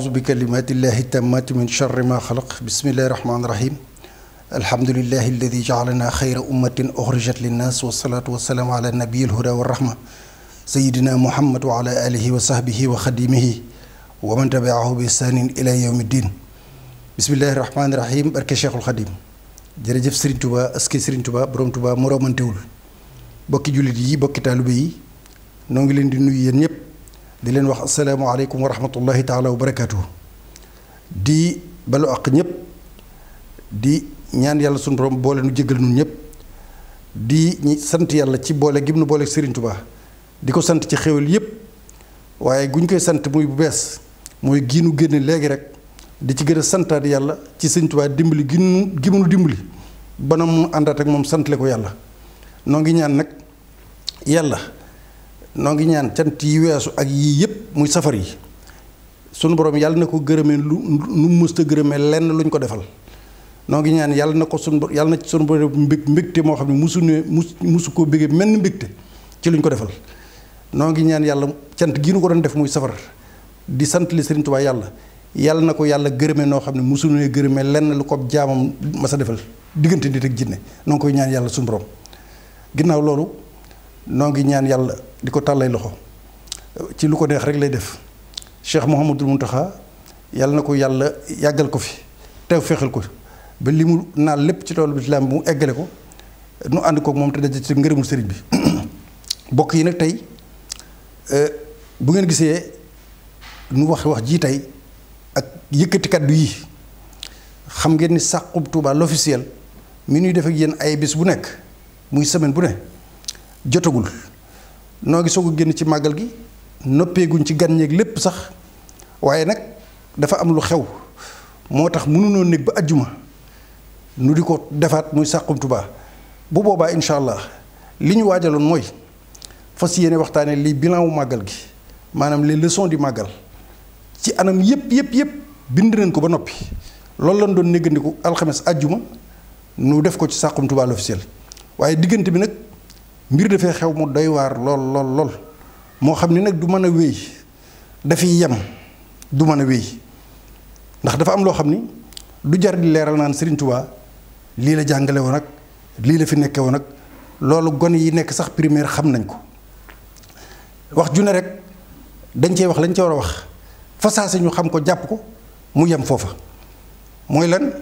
auzu bi kalimatillahi tammati min charri ma xalaq bismillahi rahmaani rahim alhamdulilahi alladi jaalana xayra ummatin uxrijat linnas wasalaatu wasalaamu ala nabiyi alhuda wa rahma sayidina muhammad wa ala alihi wa sahbihi wa xadimihi wa man tabiahu bi ihsanin ila yawmi ddin bismillahi rahmaani rahim barke cheikhul xadim jërëjëf Serigne Touba aske Serigne Touba borom Touba moroomantewul bokki jullit yi bokki taalibe yi noo ngi leen di nuyu yéen ñëpp di leen wax asalaamaaleykum wa rahmatullahi taala wa barakaatuhu di balu àq ñëpp di ñaan yàlla sunu borom boole nu jéggal nun ñëpp di ñi sant yàlla ci boole gim nu boole Serigne Touba di ko sant ci xéwal yëpp waaye gu ñu koy sant muy bu bees mooy giinu génne léegi rek di ci gën a santaat yàlla ci Serigne Touba dimbali gi nu gi mu dimbali ba na àndaat ak moom sant santle ko yàlla noo ngi ñaan nag yàlla. noo ngi ñaan cant yi weesu ak yii yëpp muy safar yi sunu borom yàlla na ko gërëme lu nu mësta gërëme lenn lu ñu ko defal noo ngi ñaan yàlla na ko sunu yàlla na ci sunu mbég mbégte moo xam ne musu mus musu koo menn mbégte ci lu ko defal noo ngi ñaan yàlla cant gi nu ko doon def muy safar di sant li Sëriñ Tuubaa yàlla yàlla na ko yàlla gërëme noo xam ne musu gërëme lenn lu ko jaamam masa defal diggante nit ak jinne noo koy ñaan yàlla sunu borom ginnaaw loolu noo ngi ñaan yàlla di ko tàllay loxo ci lu ko neex rek lay def Cheikh Mouhamadul Mountakha yàlla na ko yàlla yàggal ko fi te fexeel ko ba li mu naan lépp ci toolu islam bi mu eggale ko nu ànd kook moom te daje ci ngërëmul sëriñ bi bokk yi nag tey euh, bu ngeen gisee nu wax wax jii tey ak yëkkati kaddu yi xam ngeen ni sàqu Touba l'officiel mi nuy def ak ay bis bu nekk muy semaine bu ne jotagul. noo ngi soo a génn ci màggal gi noppeeguñ ci gan ñeeg lépp sax waaye nag dafa am lu xew moo tax mënunoo néeg ba ajjuma nu di ko defaat muy Saxum Touba bu boobaa incha allah li ñu waajaloon mooy fas yéene waxtaanee lii bilan wu màggal gi maanaam les leçons du màggal ci anam yëpp yëpp yëpp bind nañ ko ba noppi loolu lañ doon néggandiku alxames ajjuma nu def ko ci Saxum Touba l'officiel waaye diggante bi nag. mbir dafay xew mu doy waar lool lool lool moo xam ni nag du mën a wéy dafiy yem du mën a wéy ndax dafa am loo xam ni du jar di leeral naan Serigne Touba lii la jàngale woon ak lii la fi nekke woon ak loolu gone yi nekk sax primaire xam nañ ko wax ju ne rek dañ cey wax lañ ca war a wax fasaase ñu xam ko jàpp ko mu yem foofa mooy lan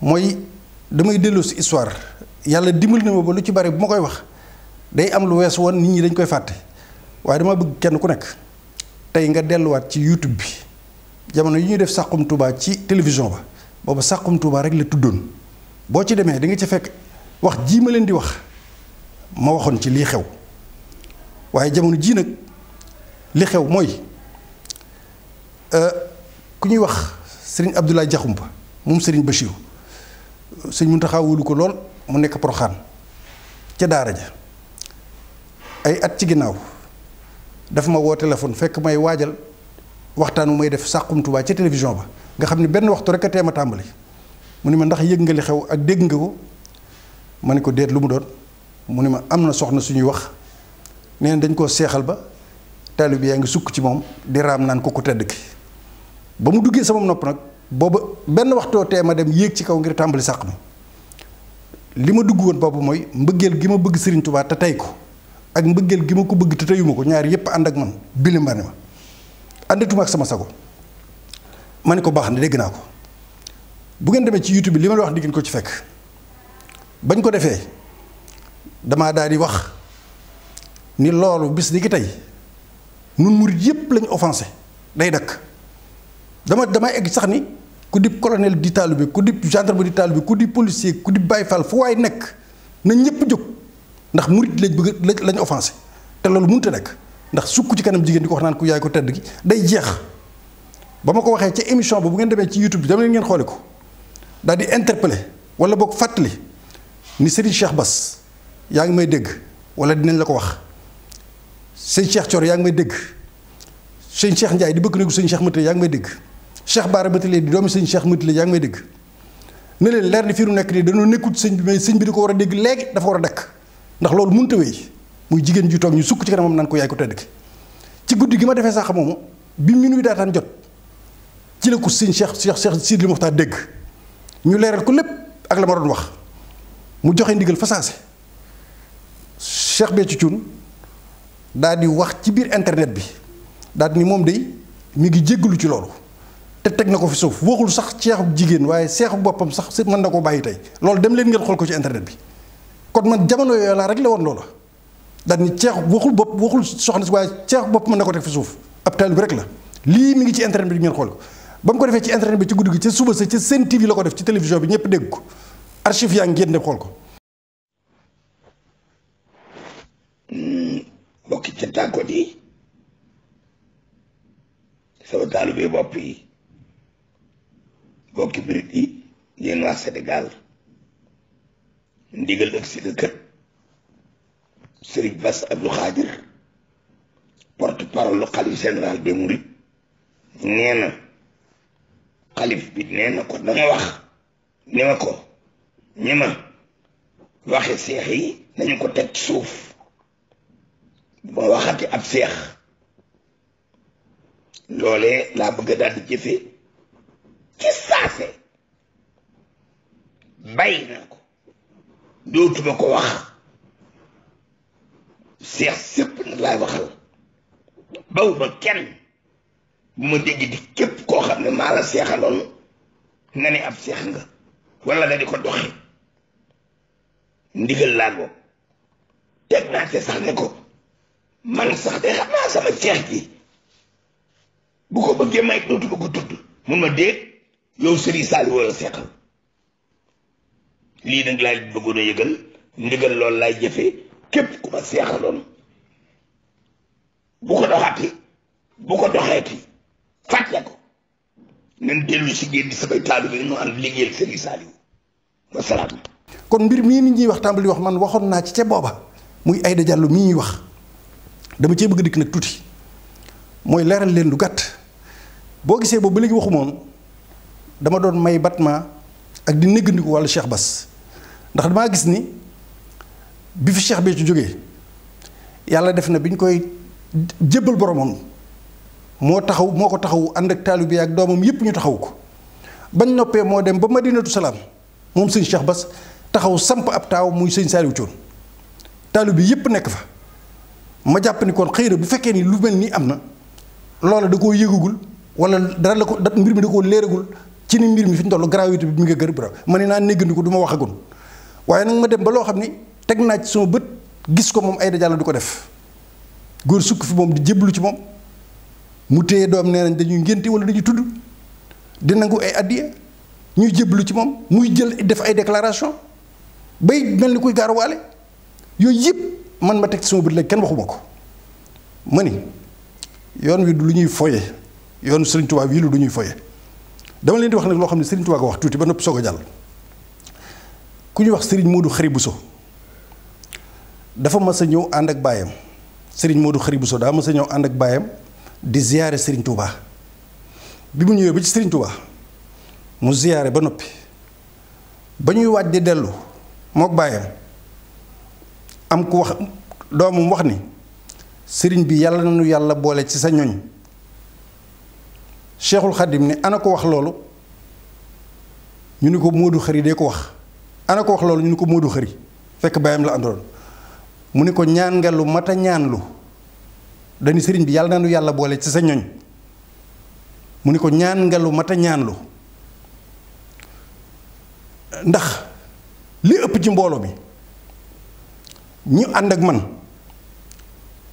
mooy damay dellu si histoire yàlla dimbali na ma ba lu ci bari bu ma koy wax day am lu wees woon nit ñi dañ koy fàtte waaye dama bëgg kenn ku nekk tey nga delluwaat ci YouTube bi jamono yi ñuy def Saxum Touba ci télévision ba booba Saxum Touba rek la tuddoon boo ci demee di nga ci fekk wax jii ma leen di wax ma waxoon ci lii xew waaye jamono jii nag li xew mooy euh, ku ñuy wax sëriñ Abdoulaye Diakhoumpa moom sëriñ Bachirou sëriñ Mountakha taxawulu ko lool mu nekk Porokhane ca daara ja ay at ci ginnaaw dafa ma woo téléphone fekk may waajal waxtaan wu may def Saxum Touba ci télévision ba nga xam ni benn waxtu rek a teem a tàmbali mu ni ma ndax yëg nga li xew ak dégg nga ko ma ne ko déet lu mu doon mu ni ma am na soxna suñuy wax neen dañ koo seexal ba taalibe yaa ngi sukk ci moom di raam naan ko ko tedd ki ba mu duggee sama nopp nag booba benn waxtoo tee ma dem yéeg ci kaw ngir tàmbali sàq ma li ma dugg woon boobu mooy mbëggeel gi ma bëgg Serigne tubaa te tey ko ak mbëggeel gi ma ko bëgg te teyuma ko ñaari yépp ànd ak man bilimbane ma àndatuma ak sama sago ma ne ko baax na dégg naa ko bu ngeen demee ci YouTube bi li ma la wax di ngeen ko ci fekk bañ ko defee damaa daal di wax ni loolu bis ni ki tey nun murit yépp lañu offensé day dakk dama damay egg sax ni ku dib colonel di taalibe ku dib gendarme di bi ku dib policier ku dib bay Faal fu waay nekk nañ ñépp jóg ndax murit lañ bëgg lañ offensé te loolu mënut a nekk ndax sukk ci kanam jigéen di ko wax naan ku yaay ko tedd gi day jeex ba ma ko waxee ca émission ba bu ngeen demee ci YouTube bi dama leen ngeen ko daal di interpellé wala boog fàttali ni Serigne Cheikh Bass yaa ngi may dégg wala dinañ la ko wax sëñ Cheikh Thior yaa ngi may dégg sëñ Cheikh Ndiaye di bëgg néegu sëñ Cheikh Matile yaa ngi may dégg Cheikh Baara Matile di doomi sëñ Cheikh Matile yaa ngi may dégg ne leen leer ni fii nu nekk nii dañoo nekkut sëñ bi mais sëñ bi di ko war a dégg léegi dafa war ndax loolu mun a wéy muy jigéen ju toog ñu sukk ci kanamam naan ko yaay ko tedd ki ci guddi gi ma defee sax moom bi mu minuit daataan jot ci la ko sëñ Cheikh seex Cheikh Sidil Mokhtar dégg ñu leeral ko lépp ak la ma doon wax mu joxe ndigal fa saase Cheikh Béthio Thioune daal di wax ci biir internet bi daal di ni moom day mi ngi jéggalu ci loolu te teg na ko fi suuf waxul sax seexu jigéen waaye seexu boppam sax mën na ko bàyyi tey loolu dem leen ngeen xool ko ci internet bi. kon man jamono yooyu laa rek la woon loola daal ni ceex waxul bopp waxul soxna si waaye ceex bopp mën na ko def fi suuf ab taal bi rek la lii mi ngi ci internet bi ngeen xool ko ba mu ko defee ci internet bi ci guddi gi ca suba sa ca seen TV la ko def ci télévision bi ñëpp dégg ko archive yaa ngi génn xool ko. Hmm, mbokki ca tàggoot yi sama taalubee bopp yi mbokki birit yi yéen waa Sénégal. ndigal ak si na kër sëriñ Bass Abdou Khadir porte parole lu xalif général des mourides nee na xalif bi ko dama wax ni ma ko ñi ma waxe seex yi nañu ko teg suuf ma waxati ab seex loole laa bëgg daal di jëfe ci saase bàyyi naa ko dootuma ko wax seex sépp nag laay waxal bawuma kenn bu ma dégg di képp koo xam ne maa la seexaloon na ne ab seex nga walla nga di ko doxe ndigal laa ko teg naa te sax ne ko man sax de xam naa sama seex gi bu ko bëggee may dootuma ko tudd mun ma dégg yow sëriñ Saali woo la seexal lii nag laay bëggoon yëgal ndigal loolu laay jëfe képp ku ma seexaloon bu ko doxati bu ko doxeeti fàtte ko nan dellu si génn samay taalibe yi ñu ànd liggéeyal Serigne Saliou wa salaam kon mbir mii mi ñuy wax tàmbali wax man waxoon naa ci ca booba muy Aïda Diallo mi ñuy wax dama cee bëgg dikk nag tuuti mooy leeral leen lu gàtt boo gisee boobu ba léegi waxu dama doon may Batma ak di néggandiku walla Cheikh bas ndax damaa gis ni bi fi Cheikh Béthio jógee yàlla def na bi ñu koy jébbal boromam moo taxaw moo ko taxawu ànd ak taalibe bi ak doomam yépp ñu taxaw ko bañ noppee moo dem ba ma Madinatu Salaam moom sëñ Cheikh bas taxaw samp ab taaw muy sëñ Saliou Thioune taalibe bi yépp nekk fa ma jàpp ni kon xëy na bu fekkee ni lu mel nii am na loola da koo yëgagul wala dara la ko mbir mi da koo léeragul ci ni mbir mi fi ñu toll gravité bi nga gër bu ma ne naa néggandiku du ma waxagun waaye nag ma dem ba loo xam ni teg naa ci sama bët gis ko moom Aïda Diallo du ko def góor sukk fi moom di jéblu ci moom mu téye doom nee nañ dañuy ngénte wala dañuy tudd di nangu ay addiya ñuy jéblu ci moom muy jël def ay déclaration bay mel ni kuy gaaruwaale yooyu yëpp man ma teg ci sama bët léegi kenn waxuma ko ma ni yoon wi du lu ñuy foye yoon Serigne Touba wii lu du ñuy foye dama leen di wax nag loo xam ne Serigne Touba ko wax tuuti ba noppi a jàll ku ñuy wax Serigne Modou Khary so dafa mas a ñëw ànd ak baayam Serigne Modou Khary so daa mas a ñëw ànd ak baayam di ziyaare Serigne Touba bi mu ñëwee ba ci Serigne Touba mu ziyaare ba noppi ba ñuy waaj di dellu mook baayam am ku wax doomam wax ni sëriñ bi yàlla nañu yàlla boole ci sa ñoñ Cheikhul Khadim ni ana ko wax loolu ñu ni ko Modou Khary dee ko wax ana ko wax loolu ñu ni ko Modou Xëri fekk baayam la àndoon mu ne ko ñaan nga lu mat a ñaanlu dañu sëriñ bi yàlla na yàlla boole ci sa mu ni ko ñaan nga lu mat a ñaanlu ndax li ëpp ci mbooloo mi ñu ànd ak man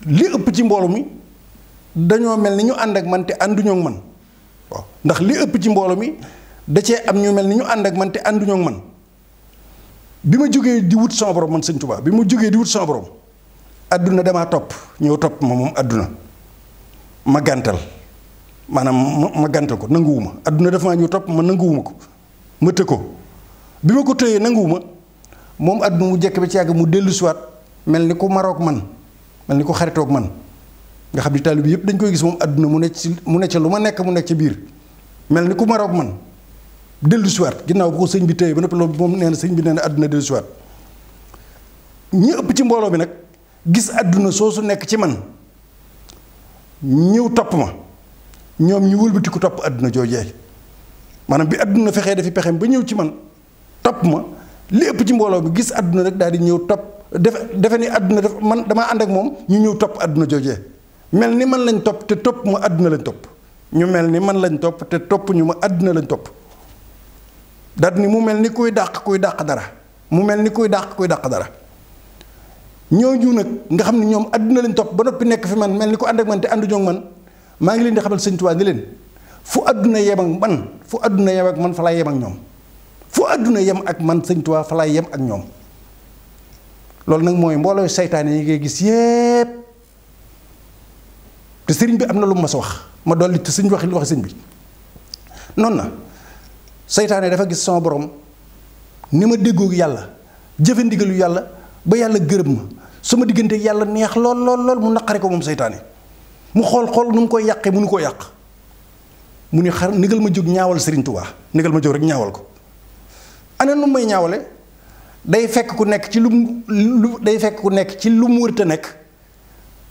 li ëpp ci mbooloo mi dañoo mel ni ñu ànd ak man te ànduñoo man ndax li ëpp ci mbooloo mi dacee am ñu mel ni ñu ànd ak man te ànduñoo man bi ma jógee di wut sama borom man sëñ Tuubaa bi ma jógee di wut sama borom adduna damaa topp ñëw topp ma moom àdduna ma gàntal maanaam ma gàntal ko nanguwuma adduna dafa maa ñëw topp ma nanguwuma ko ma të ko bi ma ko tëyee nanguwuma moom adduna mu jekk bi ci yàgg mu dellu siwaat mel ni ku maroog man mel ni ku xaritoog man nga xam ni taalibe bi yëpp dañ koy gis moom àdduna mu ne ci mu ne ca lu ma nekk mu nekk ci biir mel ni ku maroog man dellu si ginnaaw bu ko sëñ bi téye ba noppi loolu moom nee na sëñ bi nee àdduna dellu si ëpp ci mbooloo bi nag gis àdduna soo su nekk ci man ñëw topp ma ñoom ñu wëlbati topp àdduna joojee maanaam bi àdduna fexee dafi pexeem ba ñëw ci man topp ma li ëpp ci mbooloo bi gis àdduna rek daal di ñëw topp def defe ni àdduna def man dama ànd ak moom ñu ñëw topp àdduna joojee mel ni man lañ topp te topp ma àdduna lañ topp ñu mel ni man lañ topp te topp ñu ma àdduna lañ topp dat ni mu mel ni kuy dàq kuy dàq dara mu mel ni kuy dàq kuy dàq dara ñooñu nag nga xam ne ñoom àdduna lañ topp ba noppi nekk fi man mel ni ku ànd ak man te ànduñu ak man maa ngi leen di xamal sëñ Tuubaa ni leen fu àdduna yem ak man fu àdduna yem ak man fa laay ak ñoom fu àdduna yem ak man sëñ Tuubaa fa laay yem ak ñoom loolu nag mooy mbooloo seytaane yi ngay gis yépp te sëriñ bi am na lu mu mas wax ma dolli te sëñ waxi lu wax sëñ bi noonu na seytaane dafa gis sama borom ni ma déggoog yàlla jëfe ndigalu yàlla ba yàlla gërëm ma sama diggante yàlla neex lool lool lool mu naqari ko moom seytaane mu xool xool nu mu koy yàqee mënu koo yàq mu ni xar ndigal ma jóg ñaawal Serigne Touba ndigal ma jóg rek ñaawal ko ana nu may ñaawale day fekk ku nekk ci lu mu lu day fekk ku nekk ci lu mu wërta nekk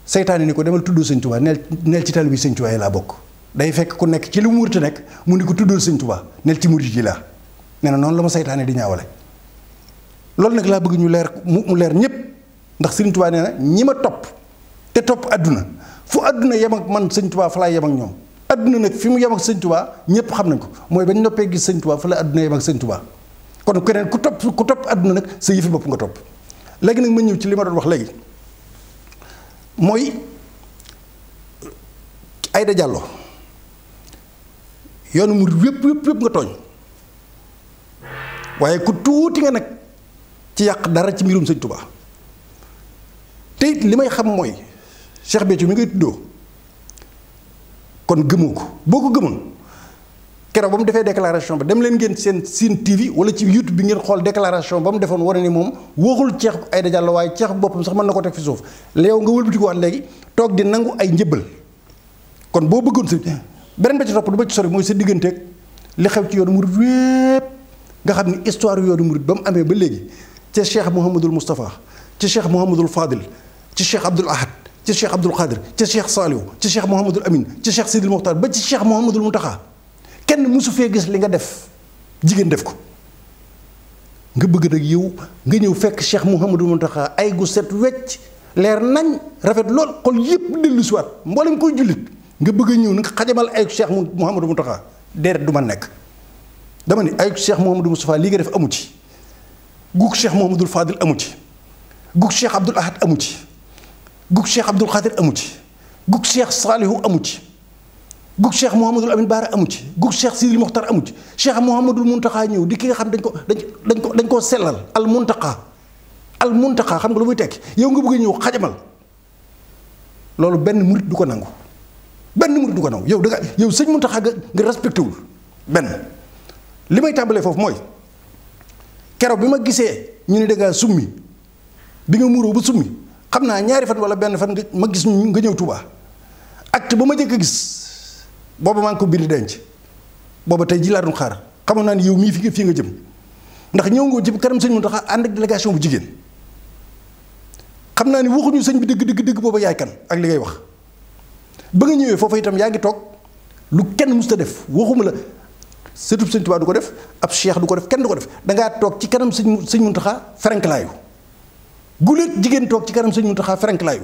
seytaane ni ko demal tudd Serigne Touba neel neel ci tal bi Serigne Touba yi laa bokk day fekk ku nekk ci li mu wërta nekk mu ni ko tuddal sëñ Tuubaa nel ci murid ji laa nee noonu la ma saytaane di ñaawale loolu nag laa bëgg ñu leer mu mu leer ñëpp ndax sëñ Tuubaa nee na ñi ma topp te topp àdduna fu àdduna yem ak man sëñ Tuubaa fa laay yem ak ñoom àdduna nag fi mu yem ak sëñ Tuubaa ñëpp xam nañ ko mooy bañ noppee gis sëñ Tuubaa fa la àdduna yem ak sëñ Tuubaa kon keneen ku topp ku topp àdduna nag sa yëfi bopp nga topp léegi nag ma ñëw ci li ma doon wax léegi mooy Aïda Diallo yoonu mu wépp wépp wépp nga tooñ waaye ku tuuti nga nag ci yàq dara ci mbirum sëñ Tuubaa te li may xam mooy Cheikh Béthio mi ngay tuddoo kon gëmoo ko boo ko gëmoon keroog ba mu defee déclaration ba dem leen ngeen seen seen TV wala ci YouTube bi ngeen xool déclaration ba mu defoon war ni moom waxul ceex Aïda Diallo waaye ceex boppam sax mën na ko teg fi suuf léew nga ko waat léegi toog di nangu ay njëbal kon boo bëggoon sa beneen ba ci topp du ma ci sori mooy sa digganteeg li xew ci yoonu murid wépp nga xam ni histoire yoonu murid ba mu amee ba léegi ci cheikh Mouhamadul Moustapha ci cheikh Mouhamadul Fadil ci cheikh Abdoul Ahad ci cheikh Abdoul Khadir ci cheikh Saliou ci cheikh Mouhamadul Amin ci cheikh Sidil Mokhtar ba ci cheikh Mouhamadul Mountakha kenn mosu fee gis li nga def jigéen def ko. nga bëgg nag yow nga ñëw fekk Cheikh Mouhamadou Mountakha ay gu set wecc leer nañ rafet lool xol yépp dellu si waat mboolem koy nga bëgg a ñëw nag xajamal ayuk Cheikh Mouhamadou Mountakha déedéet du ma nekk dama ni ayuk Cheikh Mouhamadou Moustapha lii nga def amu ci gug Cheikh Mouhamadoul Fadil amu ci gug Cheikh Abdoul Ahad amu ci gug Cheikh Abdoul Khadir amu ci gug Cheikh Salihu amu ci gug Cheikh Mouhamadul Amin Baara amu ci gug Cheikh Sidil Mokhtar amu ci Cheikh Mouhamadul Mountakha ñëw di ki nga xam dañ ko dañ ko dañ koo sellal al Mountakha al Mountakha xam nga lu muy tekki yow nga bëgg a ñëw xajamal loolu benn murit du ko nangu. benn murid du ko naw yow da nga yow sëñ Muntaxa nga nga respecté wul benn li may tàmbalee foofu mooy keroog bi ma gisee ñu ne da ngaa summi bi nga muuroo ba summi xam naa ñaari fan wala benn fan nga ma gis nga ñëw Touba acte ba ma njëkk a gis boobu man ngi ko bind denc boobu tey ji laa xaar xamoon naa ni yow mii fi nga fii nga jëm ndax ñëw ngoo jëm kanam sëñ Muntaxa ànd ak délégation bu jigéen xam naa ni waxuñu sëñ bi dëgg dëgg dëgg booba yaay kan ak li ngay ba nga ñëwee foofa itam yaa ngi toog lu kenn musta def waxuma la sëtub sëñ Tuubaa du ko def ab cheikh du ko def kenn du ko def da ngaa toog ci kanam sëñ sëñ Muntaxa ferenklaayu guléet jigéen toog ci kanam sëñ Muntaxa ferenklaayu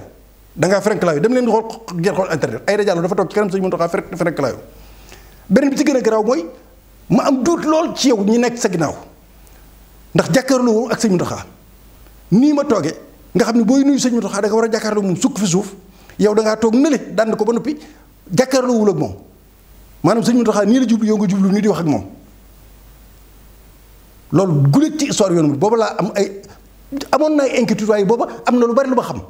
da ngaa ferenklaayu dem leen di xool ngeen xool internet ay rajo dafa toog ci kanam sëñ Muntaxa ferenklaayu beneen bi ci gën a garaaw mooy ma am duut lool ci yow ñi nekk sa ginnaaw ndax jàkkaarloo woon ak sëñ Muntaxa nii ma toogee nga xam ne booy nuyu sëñ Muntaxa da nga war a jàkkaarloo moom sukk fi suuf yow dangaa toog nële dànd ko ba noppi jàkkaarloo wul ak moom maanaam sëñ Muntaxa nii la jublu yow nga jublu nii di wax moom loolu guléeg ci histoire yoonu booba laa am ay amoon na ay inquiétude booba am na lu bari lu ma xam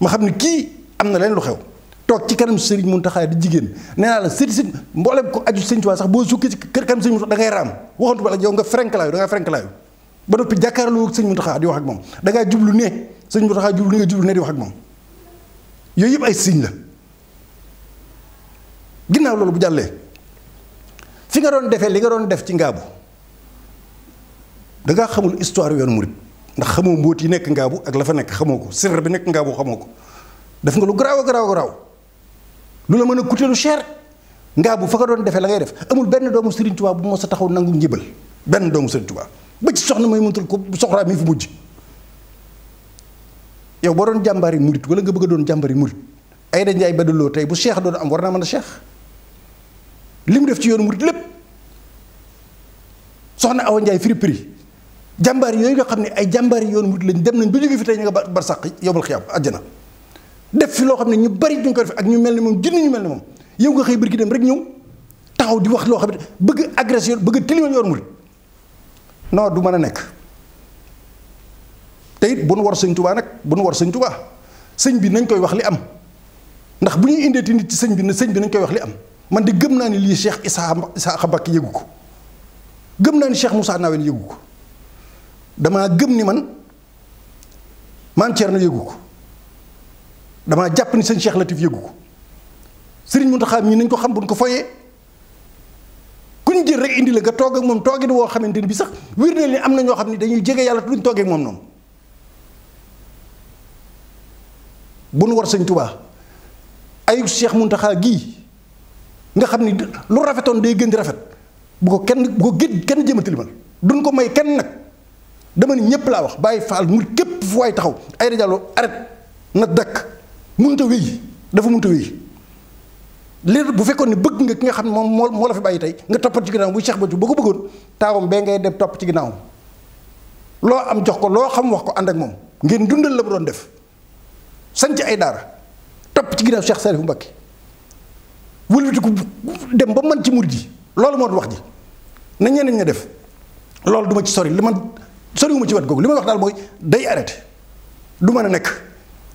ma xam ne kii am na leen lu xew toog ci kanam sëriñ Muntaxa di jigéen nee naa la sëti sëti ko aju boo sukkee ci kër kanam sëñ Muntaxa da ngay raam waxantu ba la yow nga frenklaayu sëñ Muntaxa di wax moom da ngaa jublu ne sëñ Muntaxa jublu ni nga jublu ne di wax ak moom yooyu yëpp ay signe la ginnaaw loolu bu jàllee fi nga doon defee li nga doon def ci ngaabu da ngaa xamul histoire yoonu murit ndax xamoo mbóot yi nekk ngaabu ak la fa nekk xamoo ko sirr bi nekk ngaabu xamoo ko def nga lu garaaw garaaw garaaw lu la mën a coûter lu cher ngaabu fa nga doon defee la ngay def amul benn doomu Serigne Touba bu moo sa taxaw nangu njibal benn doomu Serigne Touba ba ci soxna may mëntul ko soxraa mi fi mujj. yow boo doon jàmbaari murit wala nga bëgg a doon jàmbaari murit Aïda ba Badaloo tey bu cheikh doon am war naa mën a cheikh li mu def ci yoon murit lépp soxna Awa Ndiaye firi prix jàmbaar yooyu nga xam ne ay jàmbaar yi yoonu murit lañ dem nañ ba jóge fi tey ñu nga bar sàq yobal xiyam àjjana def fi loo xam ne ñu bari duñ ko def ak ñu mel ni moom jënd ñu mel ni moom yow nga xëy barki dem rek ñëw taxaw di wax loo xam ne bëgg agressé yoon bëgg tilimal yoonu murit non du mën a nekk te war Sëñ Tuubaa nag bu nu war sëñ Tuubaa sëñ bi nañ koy wax li am ndax bu ñuy indeeti nit ci sëñ bi ne sëñ bi nañ koy wax li am man de gëm naa ni lii Cheikh Issa Issa Mbacké yëgu ko gëm naa ni Cheikh Moussa Nawel yëgu ko damaa gëm ni man maam na yëgu ko damaa jàpp ni sëñ Cheikh Latif yëgu ko sëriñ taxaam mii nañ ko xam buñ ko foyee kuñ jël rek indi la nga toog ak moom toogit woo xamante ni bi sax wér na ni am na ñoo xam ne dañuy jege yàlla te duñ toogee ak moom bu nu war sëñ tubaa ayu Cheikh Muntaxa gii nga xam ni lu rafetoon day gën di rafet bu ko kenn bu ko gét kenn jëma tilimal duñ ko may kenn nag dama ni ñëpp laa wax bàyyi faal mun képp fu waay taxaw ay rajo arrêt na dakk mënut a wéy dafa mënut a wéy léegi bu fekkoon ni bëgg nga ki nga xam ne moom moo moo la fi bàyyi tey nga toppat ci ginnaaw bu Cheikh Badiou ba ko bëggoon taawam bee ngay dem topp ci ginnaawam loo am jox ko loo xam wax ko ànd ak moom ngeen dundal la bu doon def. sanc ay daara topp ci ginnaaw Cheikh Saliou Mbacké wëlbatiku dem ba man ci murid ji loolu moo wax ji na ñeneen ña def loolu du ci sori li man soriwuma ci wet googu li may wax daal mooy day arrêté du mën a nekk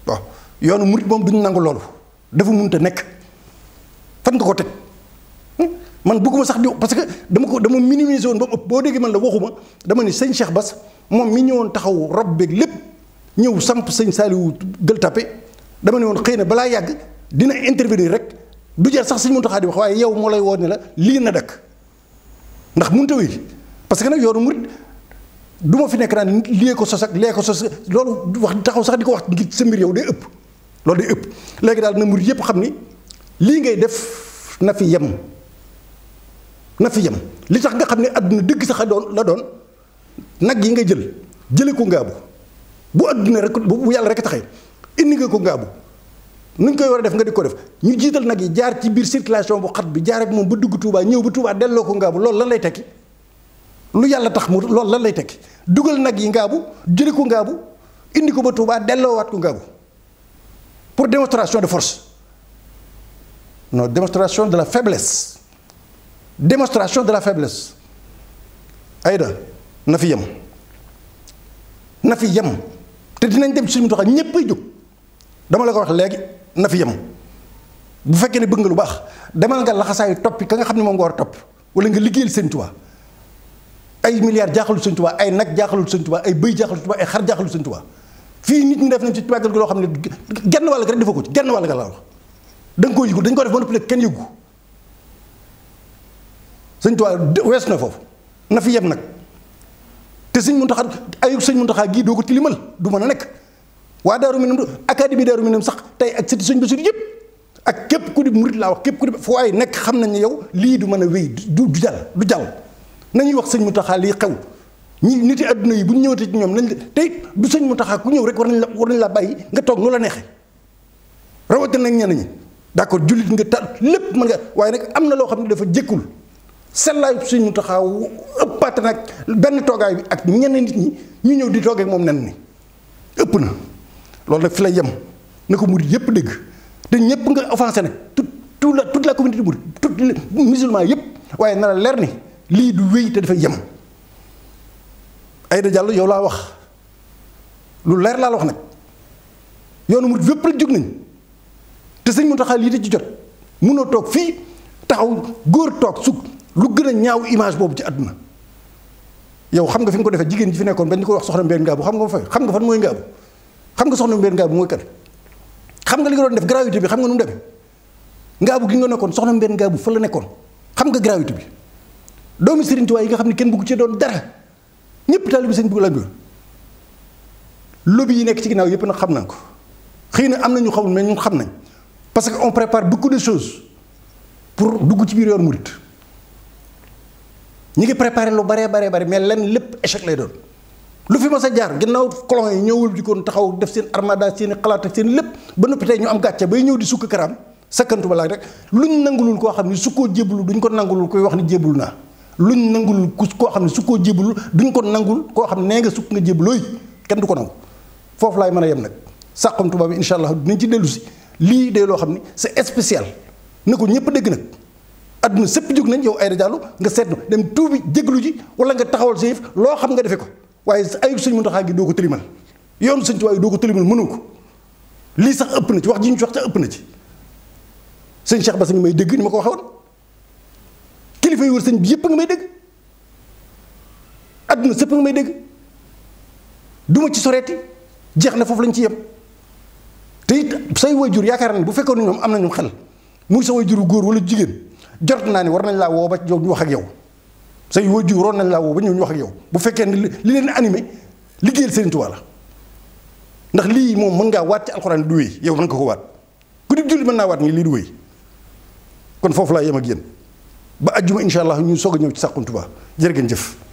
waaw yoonu murid moom duñu nangu loolu dafa mënut a nekk fan nga ko teg hmm? man bëgguma sax di parce que dama ko dama minimiser woon ba ëpp boo déggee man la waxuma dama ne sëñ Cheikh bas moom mi ñëwoon taxaw rob beeg lépp. ñëw samp sëñ Saliou Gueule Tapée dama ne woon xëy na balaa yàgg dina intervenir rek du jar sax sëñ Mountakha di wax waaye yow moo lay woo ne la lii na dakk ndax mënut a parce que nag yoonu murit du ma fi nekk naan lii ko sos ak lee ko sos loolu wax taxaw sax di ko wax ngir sa mbir yow day ëpp loolu day ëpp léegi daal na murit yëpp xam ni lii ngay def na fi yem na fi yem li tax nga xam ne àdduna dëgg sax a doon la doon nag yi nga jël jële ko ngaabu bu àdduna rek bu yàlla rek taxee indi nga ko ngaabu nu ñu koy war a def nga di ko def ñu jiital nag yi jaar ci biir circulation bu xat bi jaar ak moom ba dugg Touba ñëw ba Touba delloo ko ngaabu loolu lan lay tekki lu yàlla tax mu loolu lan lay tekki dugal nag yi ngaabu jëli ko ngaabu indi ko ba Touba delloowaat ko ngaabu pour démonstration de force non démonstration de la faiblesse démonstration de la faiblesse Aïda na fi yem na fi yem te dinañ dem suñu toxa ñëppay jóg dama la ko wax léegi na yem bu fekkee ne bëgg nga lu baax demal nga laxasaayu toppi ka nga xam ne moom nga war a topp wala nga liggéeyal sëñ Tuubaa ay milliards jaaxalul sëñ ay nag jaaxalul sëñ Tuubaa ay bëy jaaxalul sëñ ay xar jaaxalul sëñ fii nit ñi def nañ ci màggal gi loo xam ne genn wàll ga rek defoo ko ci genn wàll ga laa wax da koo yëgul dañ ko def ba noppi kenn yëgu sëñ Tuubaa na foofu na yem nag sëñ Muntaxa ay sëñ Muntaxa gii doo ko tilimal du man a nekk waa Daaru Minam académie Daaru Minam sax tey ak sëti sëñ Basiru yëpp ak képp ku di murit laa wax képp ku di fu waay nekk xam nañ ne yow lii du mën a wéy du du jàll du jàll nañuy wax sëñ Muntaxa lii xew ñi niti àdduna yi bu ñu ñëwatee ci ñoom nañ tey du sëñ Muntaxa ku ñëw rek war nañ la war nañ la bàyyi nga toog nu la neexee rawatina nag ñenn ñi d'accord jullit nga ta lépp mën nga waaye nag am na loo xam ne dafa jëkkul sellaay suñ mu taxaw ëppaat nag benn toogaay bi ak ñenn nit ñi ñu ñëw di toogee moom nen ni ëpp na loolu nag fi la yem na ko murid yëpp dégg te ñëpp nga offensé nag tout tout la toute mu communauté murid tout musulman yëpp waaye na la leer ni lii du wéy te dafay yem Aïda jàll yow laa wax lu leer laa la wax nag yoonu murid yëpp la jóg nañ te sëñ mu taxaw lii da ci jot munoo toog fii taxaw góor toog sukk lu gën a ñaaw image boobu ci àdduna yow xam nga fi nga ko defee jigéen ji fi nekkoon ba ñu ko wax soxna Mbène Ngabou xam nga fa xam nga fan mooy Ngabou xam nga soxna Mbène Ngabou mooy kat xam nga li nga doon def gravité bi xam nga nu mu demee Ngabou gi nekkoon soxna Mbène Ngabou fa la nekkoon xam nga gravité bi doomi Serigne Touba yi nga xam ne kenn bëggu ci doon dara ñëpp taalibe sëñ seen lañ doon lobby yi nekk ci ginnaaw yëpp nag xam nañ ko xëy na am na ñu xamul mais ñun xam nañ parce que on prépare beaucoup de choses pour dugg ci biir yoon murit ñi ngi préparé lu baree baree bari mais lenn lépp échec lay doon lu fi mës a jaar ginnaaw colon yi ñëwul jikoon taxaw def seen armada seen i seen lépp ba noppi tey ñu am gàcce bay ñëw di sukk karam sakkantu balaa rek luñ nangulul koo xam ne su koo jébbalul duñ ko nangulul koy wax ni jébbal naa luñ nangulul ku koo xam ne su koo jébbalul duñ ko nangul koo xam nee nga sukk nga jébbalooy kenn du ko nangu foofu laay mën a yem nag Saxum Touba bi incha allah dinañ ci dellu si lii de loo xam ne c'est spécial ne ko ñëpp dégg nag adduna sëpp jóg nañ yow Aïda Diallo nga seetlu dem tuubi jéglu ji wala nga taxawal sa yëf loo xam nga defe ko waaye ayu sëñ Muntaxa gi doo ko tëlimal yoonu sëñ Tuubaa yi doo ko tëlimal mënu ko lii sax ëpp na ci wax ji ñu ci ëpp na ci sëñ Cheikh Bass ngi may dégg ñu ma ko waxoon kilifa yu wër sëñ bi yëpp nga may dégg adduna sëpp nga may dégg duma ci soreeti jeex na foofu lañ ci yem te it say wayjur yaakaar na bu fekkoon ne ñoom am nañu xel muy sa wayjuru góor wala jigéen jot naa ne war nañ laa woo ba ñu wax ak yow say waajur waroon nañ laa woo ba ñëw ñu wax ak yow bu fekkee ne li leen animé liggéeyal Sëriñ Tuubaa la ndax lii moom mën ngaa waat ci alxuraan du wéy yow mën ko ko waat ku di julli mën naa waat ni lii du wéy kon foofu laa yem ak yéen ba àjjuma incha allah ñu soog a ñëw ci Saxum Touba jërë ngeen jëf.